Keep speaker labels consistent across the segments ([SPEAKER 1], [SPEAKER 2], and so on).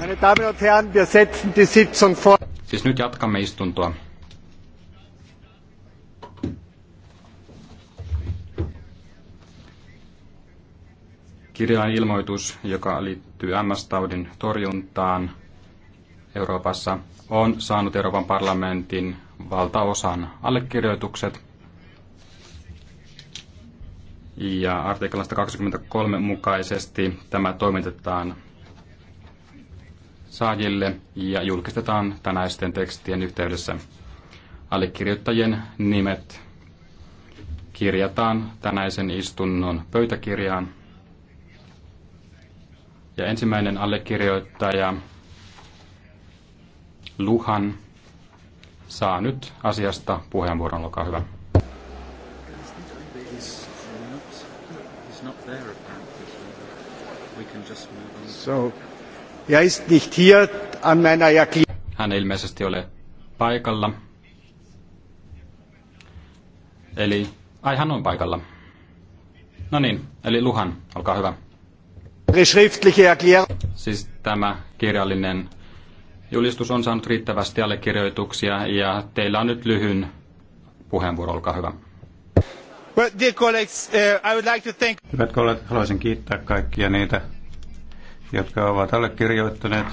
[SPEAKER 1] Meine Damen und Herren, wir setzen die Sitzung fort.
[SPEAKER 2] Siis nyt jatkamme istuntoa. Kirjallinen ilmoitus, joka liittyy MS-taudin torjuntaan Euroopassa, on saanut Euroopan parlamentin valtaosan allekirjoitukset. Ja artiklasta 23 mukaisesti tämä toimitetaan saajille ja julkistetaan tänäisten tekstien yhteydessä. Allekirjoittajien nimet kirjataan tänäisen istunnon pöytäkirjaan. Ja ensimmäinen allekirjoittaja Luhan saa nyt asiasta puheenvuoron, olkaa hyvä.
[SPEAKER 1] So Er
[SPEAKER 2] hän ei ilmeisesti ole paikalla. Eli, ai hän on paikalla. No niin, eli Luhan, olkaa hyvä. Siis tämä kirjallinen julistus on saanut riittävästi allekirjoituksia ja teillä on nyt lyhyn puheenvuoro, olkaa hyvä.
[SPEAKER 1] Uh, Hyvät kollegat, haluaisin kiittää kaikkia niitä jotka ovat allekirjoittaneet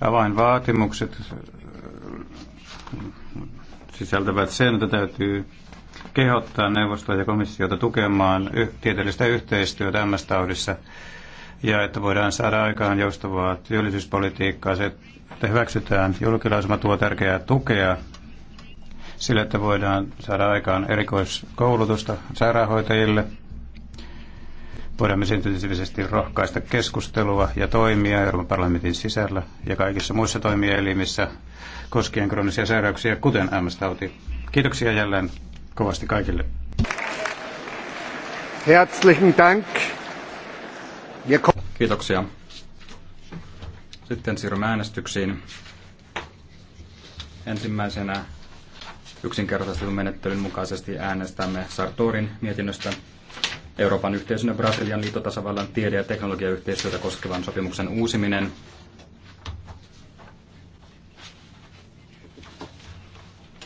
[SPEAKER 1] avainvaatimukset sisältävät sen, että täytyy kehottaa neuvostoa ja komissiota tukemaan y- tieteellistä yhteistyötä MS-taudissa ja että voidaan saada aikaan joustavaa työllisyyspolitiikkaa. Se, että hyväksytään julkilausuma tuo tärkeää tukea sille, että voidaan saada aikaan erikoiskoulutusta sairaanhoitajille – voidaan myös intensiivisesti rohkaista keskustelua ja toimia Euroopan parlamentin sisällä ja kaikissa muissa toimielimissä koskien kroonisia sairauksia, kuten MS-tauti. Kiitoksia jälleen kovasti kaikille. Herzlichen Dank.
[SPEAKER 2] Kiitoksia. Sitten siirrymme äänestyksiin. Ensimmäisenä yksinkertaisen menettelyn mukaisesti äänestämme Sartorin mietinnöstä Euroopan yhteisön ja Brasilian liitotasavallan tiede- ja teknologiayhteistyötä koskevan sopimuksen uusiminen